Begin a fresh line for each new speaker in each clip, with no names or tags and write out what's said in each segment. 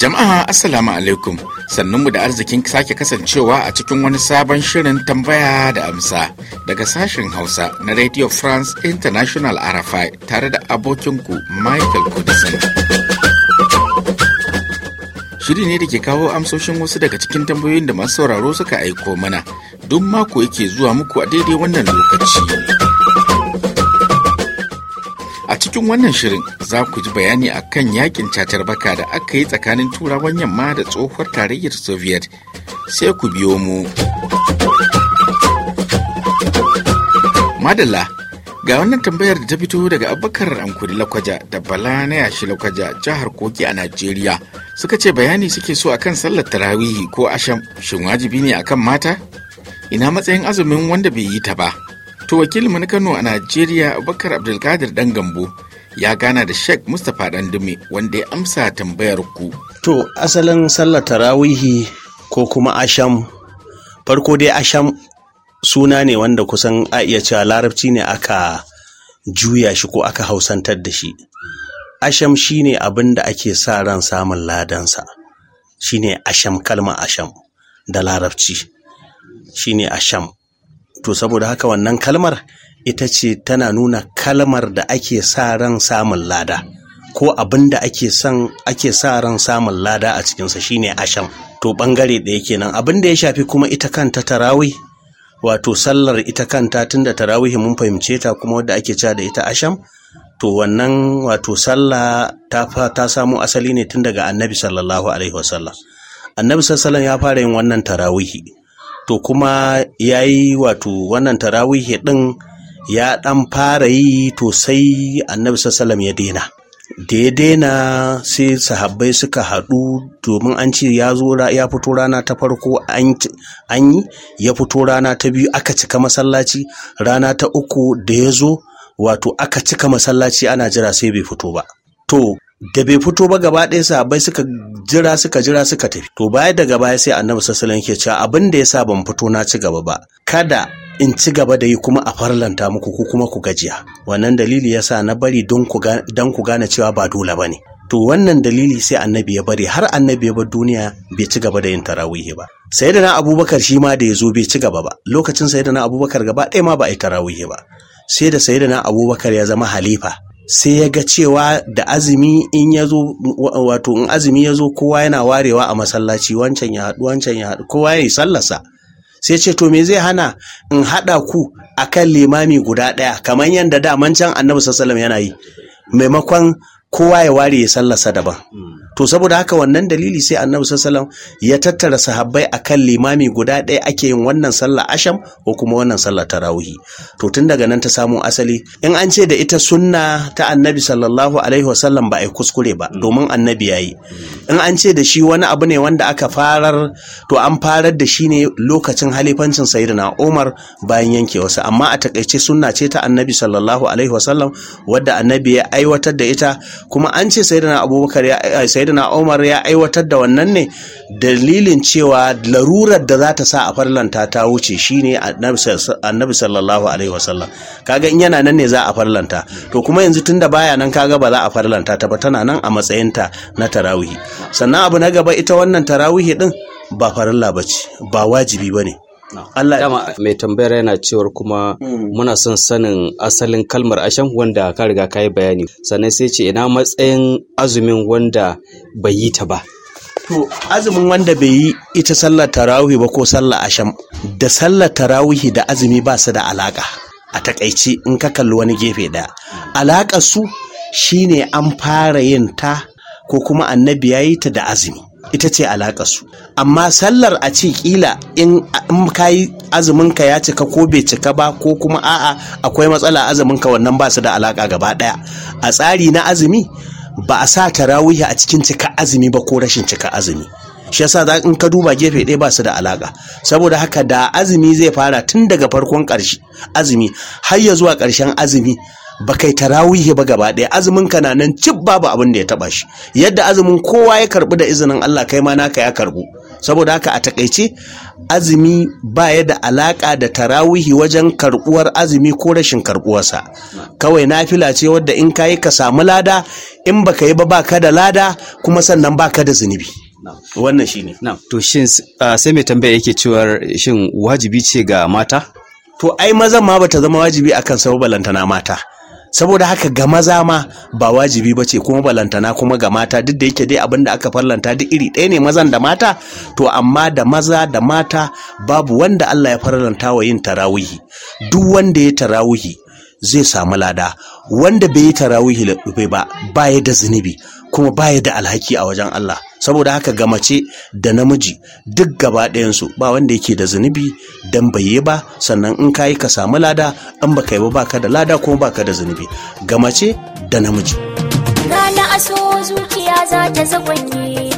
Jama'a Assalamu alaikum sannunmu da arzikin sake kasancewa a cikin wani sabon shirin tambaya da amsa daga sashen Hausa na Radio France International RFI tare da abokinku Michael Kudisin. Shiri ne da ke kawo amsoshin wasu daga cikin tambayoyin da masu sauraro suka aiko mana, duk mako yake zuwa muku a daidai wannan lokaci. A cikin wannan shirin za ku ji bayani a kan yakin catar baka da aka yi tsakanin turawan yamma da tsohuwar tarayyar Soviet. Sai ku biyo mu. Madalla ga wannan tambayar da ta fito daga abubakar ankuri lakwaja da bala na yashi lakwaja jihar kogi a najeriya suka ce bayani suke so akan sallar tarawihi ko asham shin wajibi ne akan mata ina matsayin azumin wanda bai yi ta ba to wakilin na kano a najeriya abubakar abdulkadir dan gambo ya gana da sheikh mustapha dandume wanda ya amsa tambayar ku to asalin sallar tarawihi ko kuma asham farko dai asham suna
ne wanda kusan a iya cewa larabci ne aka juya shi ko aka hausantar da shi asham shine abin da ake sa ran samun ladansa shine asham kalma asham da larabci shine asham to saboda haka wannan kalmar ita ce tana nuna kalmar da ake sa ran samun lada ko abin da ake son ake sa ran samun lada a cikinsa shine asham to bangare ɗaya kenan abin da ya shafi kuma ita kanta tarawih wato sallar ita kanta tunda tarawihi mun fahimce ta kuma wadda ake cewa da ita asham to wannan wato sallah ta ta samo asali ne tun daga annabi sallallahu alaihi wasallam annabi sallallahu ya fara yin wannan tarawihi to kuma ya wato wannan tarawihi din ya dan fara yi to sai annabi sallallahu ya daina da ya daina sai sahabbai suka haɗu domin an ce ya zo ya fito rana ta farko an yi ya fito rana ta biyu aka cika masallaci rana ta uku da ya zo wato aka cika masallaci ana jira sai bai fito ba to da bai fito ba gaba ɗaya sahabbai suka jira suka jira suka tafi to baya daga baya sai annabi sallallahu yake cewa abin da ya sa ban fito na ci gaba ba kada in ci gaba da yi kuma a farlanta muku ko kuma ku gajiya wannan dalili ya sa na bari don ku gane cewa ba dole ba ne to wannan dalili sai annabi ya bari har annabi ya bar duniya bai ci gaba da yin tarawihi ba na abubakar shi ma da ya zo bai ci gaba ba lokacin na abubakar gaba ɗaya ma ba a yi tarawihi ba sai da sayyidina abubakar ya zama halifa sai ya ga cewa da azumi in ya zo wato in azumi ya zo kowa yana warewa a masallaci wancan ya haɗu wancan ya haɗu kowa ya yi sallarsa sai ce to me zai hana in haɗa ku A kan limami guda ɗaya kamar yadda damancan can annabi sallallahu yana yi maimakon kowa ya ware ya sallarsa daban hmm. to saboda haka wannan dalili sai annabi ya tattara sahabbai akan limami guda ɗaya ake yin wannan sallah asham ko kuma wannan sallah tarawihi to tun daga nan ta samu asali in an ce da ita sunna ta annabi sallallahu alaihi wasallam ba a yi kuskure ba hmm. domin annabi ya yi. in an ce da shi wani abu ne wanda aka farar to an farar da shi ne lokacin halifancin sayyidina Umar bayan yankewarsa amma a takaice sunna ce ta annabi sallallahu alaihi wasallam wadda annabi ya aiwatar da ita kuma an ce sayyidina abubakar eh, umar ya aiwatar da wannan ne dalilin cewa larurar da za ta sa a farlanta ta wuce shine annabi sallallahu alaihi wasallam kaga in yana nan ne za a farlanta to kuma yanzu tunda baya nan kaga ba za a farlanta ta ba tana nan a matsayin ta na tarawihi sannan abu na gaba ita wannan tarawihi din ba farilla bace ba wajibi bane Allah dama mai tambayar yana cewa kuma hmm. muna son sanin asalin kalmar asham wanda ka riga ka yi bayani sannan sai ce ina matsayin azumin wanda bai yi ta ba to azumin wanda bai yi ita sallar tarawihi ba ko sallar asham da sallar tarawihi da azumi ba su da alaka a takaice in ka kalli wani gefe ɗaya alakar su shine an fara yin ta ko kuma annabi ya yi ta da azumi ita ce su amma sallar a ce kila in ka yi azumin ya cika ko bai cika ba ko kuma a'a akwai matsala azumin ka wannan ba su da alaka gaba daya a tsari na azumi ba a sa tarawihi a cikin cika azumi ba ko rashin cika azumi shi yasa in ka duba gefe ɗaya ba su da alaka saboda haka da azumi zai fara tun daga farkon ƙarshe azumi har ya zuwa ƙarshen azumi ba kai tarawihi ba gaba ɗaya azumin ka na nan cib babu abin da ya taɓa shi yadda azumin kowa ya karbi da izinin Allah kai ma naka ya karbu saboda haka a takaice azumi baya da alaka da tarawihi wajen karbuwar azumi ko rashin karbuwarsa kawai nafila ce wadda in ka yi ka samu lada in baka yi ba baka da lada kuma sannan baka da zunubi wannan shine to shin ah, sai mai tambaya yake cewa shin wajibi ce ga mata to ai mazan ma bata zama wajibi akan sababalantana mata saboda haka ga maza ma ba wajibi ba ce kuma balantana kuma ga mata duk da yake dai abin da aka farlanta duk iri ɗaya ne mazan da mata to amma da maza da mata babu wanda Allah ya farlanta wa yin tarawihi duk wanda ya tarawihi zai samu lada wanda bai yi tarawihi ba ba ya da zunubi kuma baya da alhaki a wajen Allah saboda haka ga mace da namiji duk gaba ɗayansu ba wanda yake da zunubi dan baye ba sannan in kayi ka samu lada in baka yi ba baka da lada kuma baka da zunubi ga mace da namiji
rana aso zuciya za ta zagwanye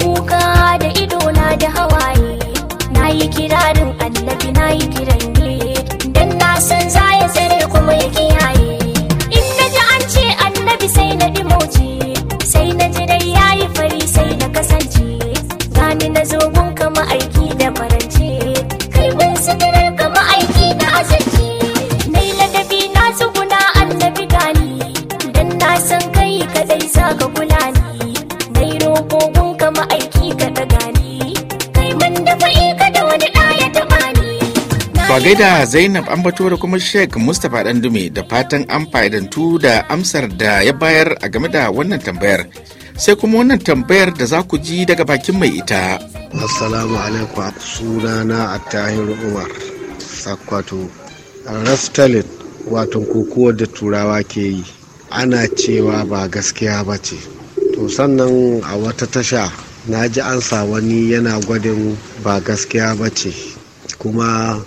kuka da idona da hawaye na yi kirarin annabi na yi kiran dan na san za ya tsare kuma yake na zo gunka ma'aiki da farance kai mun sadarar ka ma'aiki da azance nai ladabi na tsuguna annabi gani dan na san kai kadai za ka kula ni nai roƙo ma'aiki ka daga ni kai mun da fa'i ka da wani taɓa ni
ba gaida zainab ambato da kuma sheik mustapha dandume da fatan an fa'idantu da amsar da ya bayar a game da wannan tambayar sai kuma wannan tambayar da za ku ji daga bakin mai ita. Assalamu alaikum sunana a tahir Umar Sakwato. Rastalin wato kokowar da turawa ke yi ana cewa ba gaskiya ba ce. To sannan a wata tasha na ji an sa wani yana gwadin ba gaskiya ba ce kuma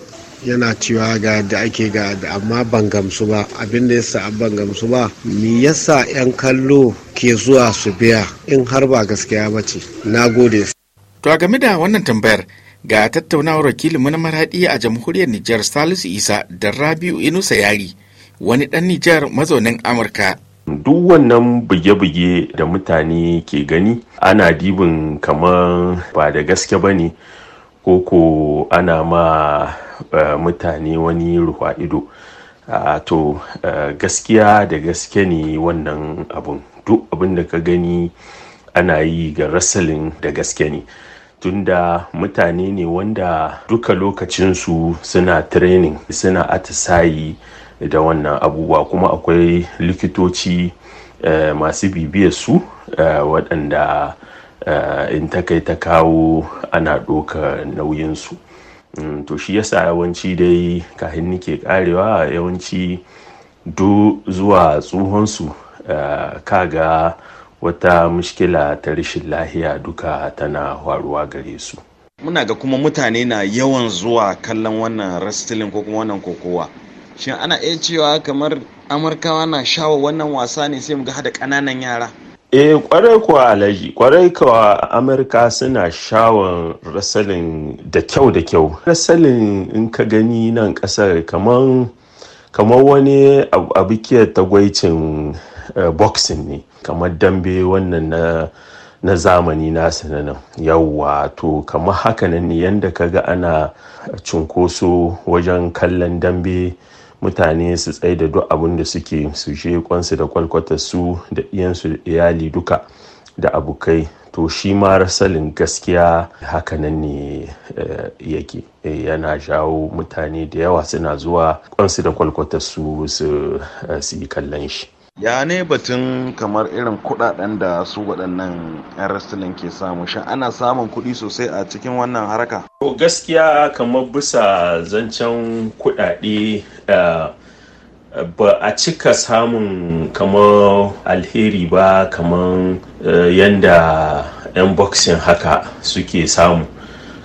yana cewa ga da ake ga amma ban gamsu ba abinda yasa ban gamsu ba me yasa 'yan kallo ke zuwa su biya in har ba gaskiya ba ce na gode to a game da wannan tambayar ga tattaunawar wakilinmu na marhaɗi a jamhuriyar nijar salisu isa da rabiu inusa yari wani ɗan nijar mazaunin amurka duk
wannan buge-buge da mutane ke gani ana dibin kamar ba da gaske ba ne koko ana ma eh, mutane wani ruwa ido uh, to eh, gaskiya da gaske ne wannan abun duk abin da ka gani ana yi ga rasalin da gaske ne tunda mutane ne wanda duka lokacinsu suna training suna atisayi da wannan abubuwa kuma akwai likitoci eh, masu bibiya su eh, waɗanda eh, in ta kai ta kawo ana ɗoka nauyinsu mm, to shi yasa yawanci dai kahin nike karewa yawanci do zuwa tsohonsu Eh, kaga wata mushkila ta rashin lahiya duka tana faruwa
gare su muna ga kuma mutane na yawan zuwa kallon wannan wrestling ko kuma wannan kokowa shin ana iya cewa kamar amurkawa na shawo wannan wasa ne sai mu ga hada kananan yara
eh kwarai kuwa alaji kwarai kuwa amurka suna shawon rasalin da kyau da kyau rasalin in ka gani nan kasar kamar wani abikiyar tagwaicin Eh, boxing ne kamar dambe wannan na na zamani na nan yawwa to kamar haka nan ne yadda ka ga ana cunkoso wajen kallon dambe mutane su tsaye da duk abin da suke su je kwansu da kwalkwata su da iyansu da iyali duka da abokai to shi ma rasalin gaskiya haka nan ne eh, yake eh, yana jawo mutane da yawa suna zuwa kwansu da kwalkwata su su yi kallon shi
ya ne batun kamar irin kudaden da su waɗannan 'yan wrestling ke samu shi ana samun kuɗi sosai a cikin wannan haraka
to gaskiya kamar bisa zancen kudade eh, ba a cika samun kamar alheri ba kamar yadda eh, 'yan boxing haka suke samu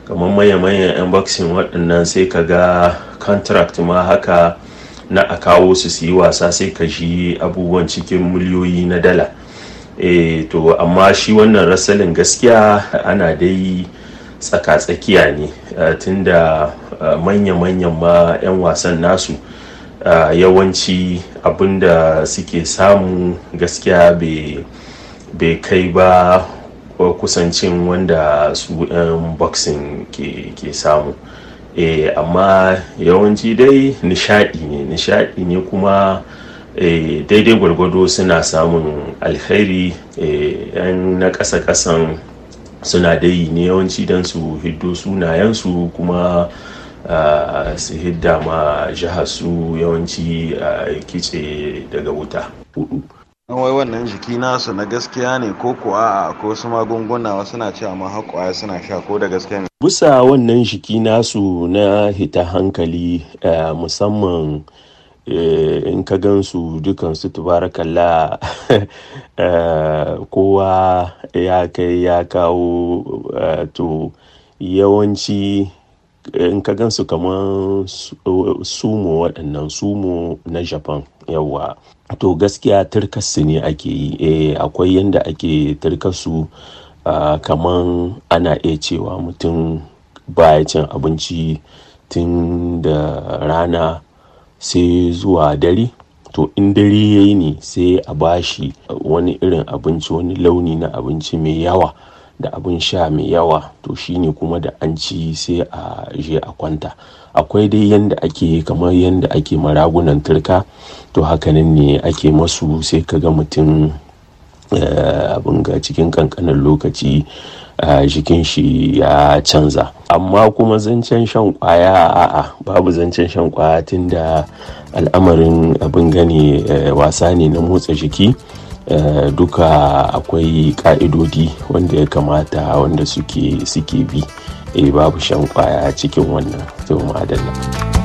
kamar manya-manyan 'yan boxing waɗannan sai ka ga contract ma haka na a kawo su su yi wasa sai ka shi abubuwan cikin miliyoyi na dala e, to amma shi wannan rasalin gaskiya ana dai tsaka-tsakiya ne eh, tunda eh, manya-manyan ma 'yan wasan nasu yawanci abinda suke samu gaskiya bai kai ba kusancin wanda su 'yan boxing ke samu eh amma yawanci dai nishaɗi ne nishaɗi ne kuma e, daidai gwargwado suna samun alkhairi eh, yan na ƙasa ƙasan suna dai ne yawanci don su hiddo sunayensu kuma Uh, su hidda ma jihar su yawanci uh, kitse daga wuta.
wai wannan jiki nasu na gaskiya ne ko kuwa a'a ko wasu magunguna wasu na cewa ma haƙo suna sha ko da gaskiya ne
bisa wannan jiki nasu na hita hankali eh, musamman eh, in ka gansu dukansu tubarakalla eh, kowa ya kai ya kawo to yawanci Eh, in ka gansu kamar eh, sumo waɗannan sumo na japan yawa to gaskiya turkarsu ne ake yi eh akwai yadda ake turkarsu kamar ana iya cewa mutum baya cin abinci tun da rana sai zuwa dare to in dare ya yi ne sai a bashi wani irin abinci wani launi na abinci mai yawa da abin sha mai yawa to shine kuma da an ci sai a je a kwanta akwai dai yadda ake kamar yadda ake maragunan turka to hakanan ne ake masu sai ka ga mutum eh, abin ga cikin kankanin lokaci eh, jikin shi ya canza amma kuma zancen shan kwaya a'a babu zancen shan kwaya tun da al'amarin abin gani eh, wasa ne na motsa jiki Eh, duka akwai ka'idodi wanda ya kamata wanda suke bi eh, babu shan kwaya cikin wannan to madalla.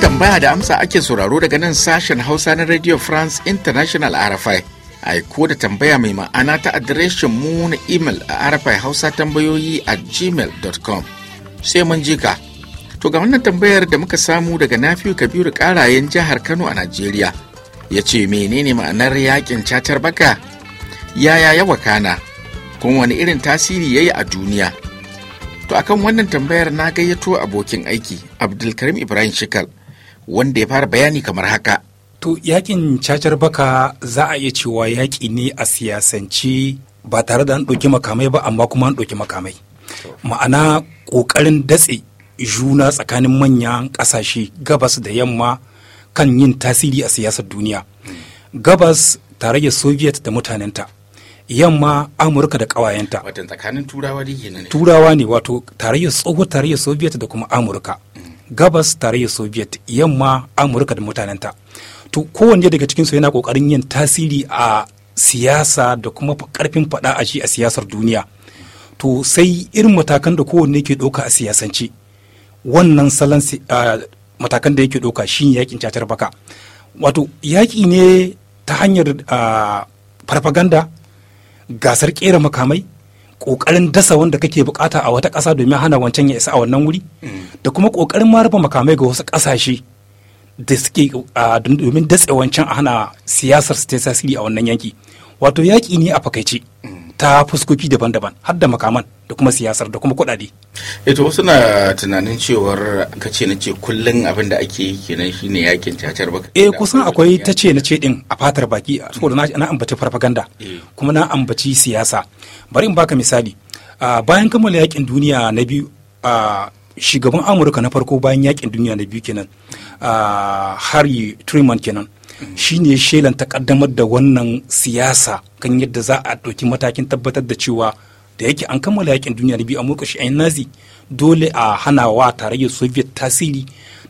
tambaya da amsa ake sauraro daga nan sashen Hausa na Radio France International RFI. Aiko da tambaya mai ma'ana ta adireshin mu na email a RFI Hausa tambayoyi a gmail.com. Sai mun ji ka. To ga wannan tambayar da muka samu daga Nafiu Kabiru karayen jihar Kano a Najeriya. Ya ce menene ma'anar yakin catar baka? Yaya ya kana? Kuma wani irin tasiri ya yi a duniya? To akan wannan tambayar na gayyato abokin aiki Abdulkarim Ibrahim Shikal wanda ya fara bayani kamar
haka. To yakin cacar baka za a iya cewa yaƙi ne a siyasance ba tare da an ɗauki makamai ba amma kuma an ɗauki makamai. Ma'ana ƙoƙarin datse juna tsakanin manyan ƙasashe gabas da yamma kan yin tasiri a siyasar duniya. Gabas tare da Soviet da mutanenta. yamma amurka da ƙawayenta. tsakanin
turawa ne
turawa ne wato tarayyar tsohuwar tarayyar soviet da kuma amurka gabas tarayyar soviet yamma amurka da mutanenta to kowanne daga cikinsu yana kokarin yin tasiri a siyasa da kuma karfin faɗa a shi a siyasar duniya to sai irin matakan da kowanne ke ɗauka a siyasance wannan salon matakan da yake ɗauka shi yakin cacar baka wato yaƙi ne ta hanyar farfaganda gasar ƙera makamai kokarin dasa wanda kake bukata a wata ƙasa domin hana wancan ya isa a wannan wuri da kuma kokarin ma rufe makamai ga wasu ƙasashe da suke domin datse wancan a hana siyasar su ta a wannan yanki wato yaƙi ne a fakaice ta fuskoki daban-daban har da makaman da kuma siyasar da kuma kuɗaɗe. Ito eh
wasu na tunanin cewar ka ce na ce kullum abin da ake yi kenan ne yakin cacar baka
eh kusan akwai ta ce na ce din a fatar baki saboda na ambaci farfaganda eh. kuma na ambaci siyasa bari in baka misali bayan kammala yakin duniya na biyu shugaban amurka na farko bayan yakin duniya na biyu kenan hari truman kenan shine shelan ta kaddamar da wannan siyasa kan yadda za a ɗauki matakin tabbatar da cewa da yake an kammala yakin duniya na biyu a murƙushe a nazi dole a hana wa tarayyar soviet tasiri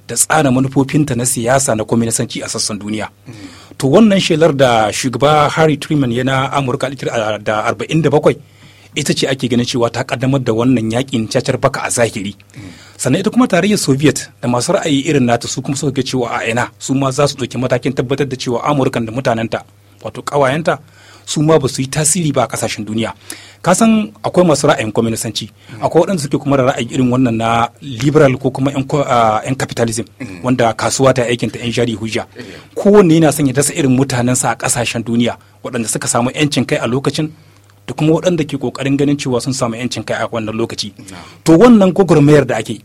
da tsara manufofinta na siyasa na kwaminisanci a sassan duniya to wannan shelar da shugaba harry truman yana amurka da bakwai. ita ce ake ganin cewa ta kaddamar da wannan yakin cacar baka a zahiri sannan ita kuma tarayyar soviet da masu ra'ayi irin nata su kuma suka ga cewa a ina su ma za su ɗauki matakin tabbatar da cewa amurkan da mutanenta wato kawayenta su ma ba su yi tasiri ba a kasashen duniya ka san akwai masu ra'ayin kwaminisanci akwai waɗanda suke kuma da ra'ayi irin wannan na liberal ko kuma yan ah, capitalism wanda kasuwa ta aikin ta yan jari hujja kowanne yana son ya dasa irin mutanensa a kasashen duniya waɗanda suka samu yancin kai a lokacin da kuma waɗanda ke ƙoƙarin ganin cewa sun samu 'yancin kai a wannan lokaci to wannan gwagwarmayar da ake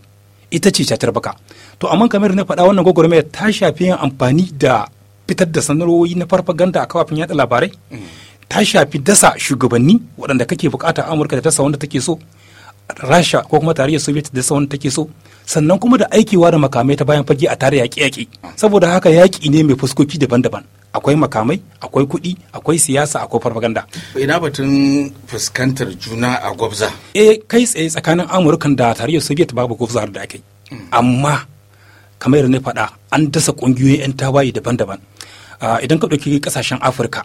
ita ce catar baka to amma kamar na faɗa wannan gwagwarmayar ta shafi yin amfani da fitar da sanarwoyi na farfaganda a kafafin yada labarai mm. ta shafi dasa shugabanni waɗanda kake bukata amurka da dasa wanda take so rasha ko kuma tarayyar soviet da dasa wanda take so sannan kuma da aikewa da makamai ta bayan fage a tare yaƙi-yaƙi ah. saboda haka yaƙi ne mai fuskoki daban-daban akwai makamai akwai kuɗi akwai siyasa akwai farfaganda ina batun fuskantar juna a gwabza eh kai tsaye tsakanin amurkan da tarayyar soviet babu gwabza da ake mm. amma kamar yadda na faɗa an dasa ƙungiyoyin 'yan tawaye daban-daban idan ka ɗauki kasashen afirka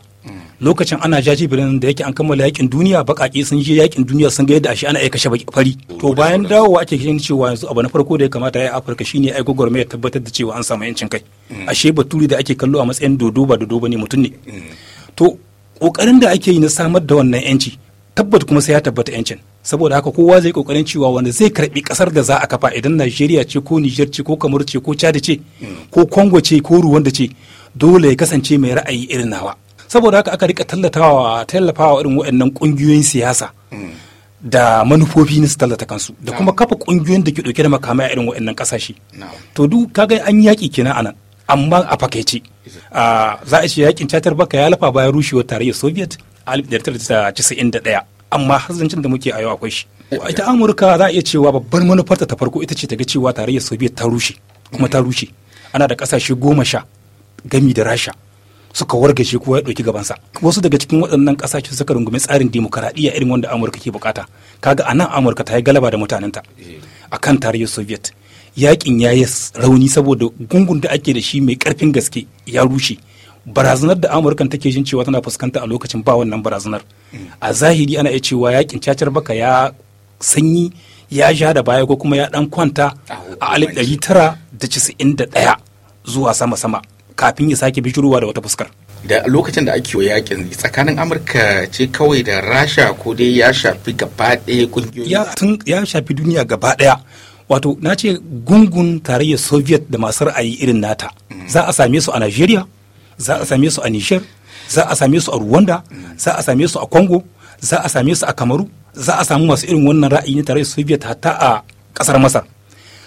lokacin ana jaji birnin da yake an kammala yakin duniya baƙaƙe sun je yakin duniya sun ga yadda ashe ana aika baki fari to bayan dawo ake ganin cewa yanzu abu na farko da ya kamata ya afirka shine ai gwagwarmaya tabbatar da cewa an samu yancin kai mm. ashe baturi da ake kallo a matsayin dodo ba dodo bane mutum ne mm. to kokarin da ake yi na samar da wannan yanci tabbat kuma sai ya tabbata yancin saboda haka kowa zai kokarin cewa wanda zai karbi kasar da za a kafa idan Najeriya ce ko Niger ce ko kamaru ce ko Chad ce ko Congo ce ko Rwanda ce dole ya kasance mai ra'ayi irin nawa saboda haka aka rika tallatawa tallafawa irin waɗannan ƙungiyoyin siyasa da manufofi na su tallata kansu da kuma kafa ƙungiyoyin da ke ɗauke da makamai a irin waɗannan ƙasashe to duk kaga an yaƙi kina anan amma a fakaice ah, za a ce yaƙin catar baka ya lafa bayan rushewar tarayyar soviet a 1991 amma zancen da muke a yau akwai shi eh, eh. ita amurka za a iya cewa babbar manufarta ta farko ita ce ta ga cewa tarayyar soviet ta rushe kuma ta rushe ana da kasashe goma sha gami da rasha suka wargaje kowa ya ɗauki gabansa wasu daga cikin waɗannan ƙasashe suka rungumi tsarin demokaraɗiyya irin wanda amurka ke bukata kaga a nan amurka ta yi galaba da mutanenta eh. a kan tarayyar soviet yakin ya yi rauni saboda gungun da ake da shi mai ƙarfin gaske ya rushe barazanar da amurkan take jin cewa tana fuskanta a lokacin ba wannan barazanar a zahiri ana iya cewa yakin cacar baka ya sanyi ya ja da baya ko kuma ya dan kwanta a alif tara da ɗaya zuwa sama-sama kafin ya sake bijirowa da wata fuskar da lokacin da ake yakin tsakanin amurka ce kawai da rasha ko dai ya shafi gaba ɗaya kungiyoyi ya shafi duniya gaba ɗaya wato na ce gungun tarayyar soviet da masu ra'ayi irin nata mm. za a same su a nigeria za a same su a Niger za a same su a ruwanda za a same su a kongo za a same su a Kamaru za a samu masu irin wannan ra'ayi na tare Soviet hatta a kasar Masar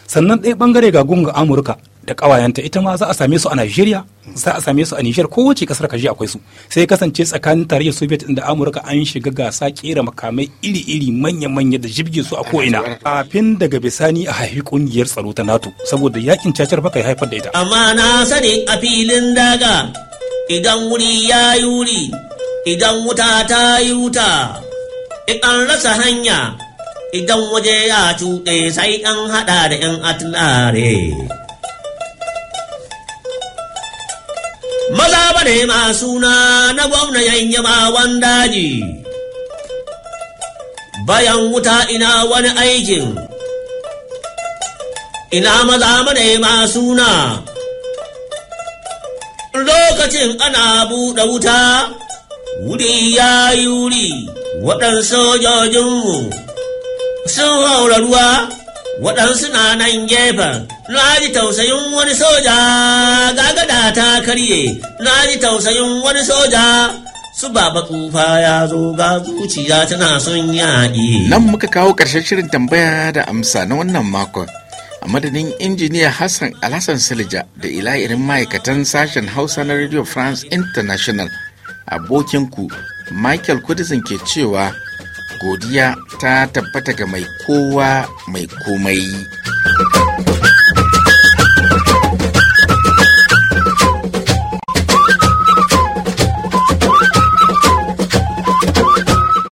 sannan ɗaya bangare ga gunga Amurka da ƙawayenta ita ma za a same su a Najeriya za a same su a Nijar kowace kasar kaji akwai su sai kasance tsakanin tarayyar Soviet da Amurka an shiga gasa kera makamai iri-iri manya-manya da jibge su a ko'ina kafin daga bisani a haifi ƙungiyar tsaro ta NATO saboda yakin cacar baka ya haifar da ita
amma na sani a filin daga idan wuri ya yuri idan wuta ta yi wuta idan rasa hanya idan waje ya cuɗe sai an haɗa da 'yan atlare. ba ne ma suna na gwamna yanyamawan daji bayan wuta ina wani aikin ina maza ne ma suna lokacin ana buɗe wuta wuri ya yi wuri waɗansu sojojinmu sun haura ruwa waɗansu na nan gefen na ji tausayin wani soja karye na ji tausayin wani soja su baba tsufa ya zo ga zuciya tana son
yaƙi. Nan muka kawo ƙarshen shirin tambaya da amsa na wannan makon. A madadin injiniya Hassan Alhassan Silja da ila'irin ma'aikatan sashen Hausa na Radio France International abokinku Michael Kudisin ke cewa godiya ta tabbata ga mai kowa mai komai.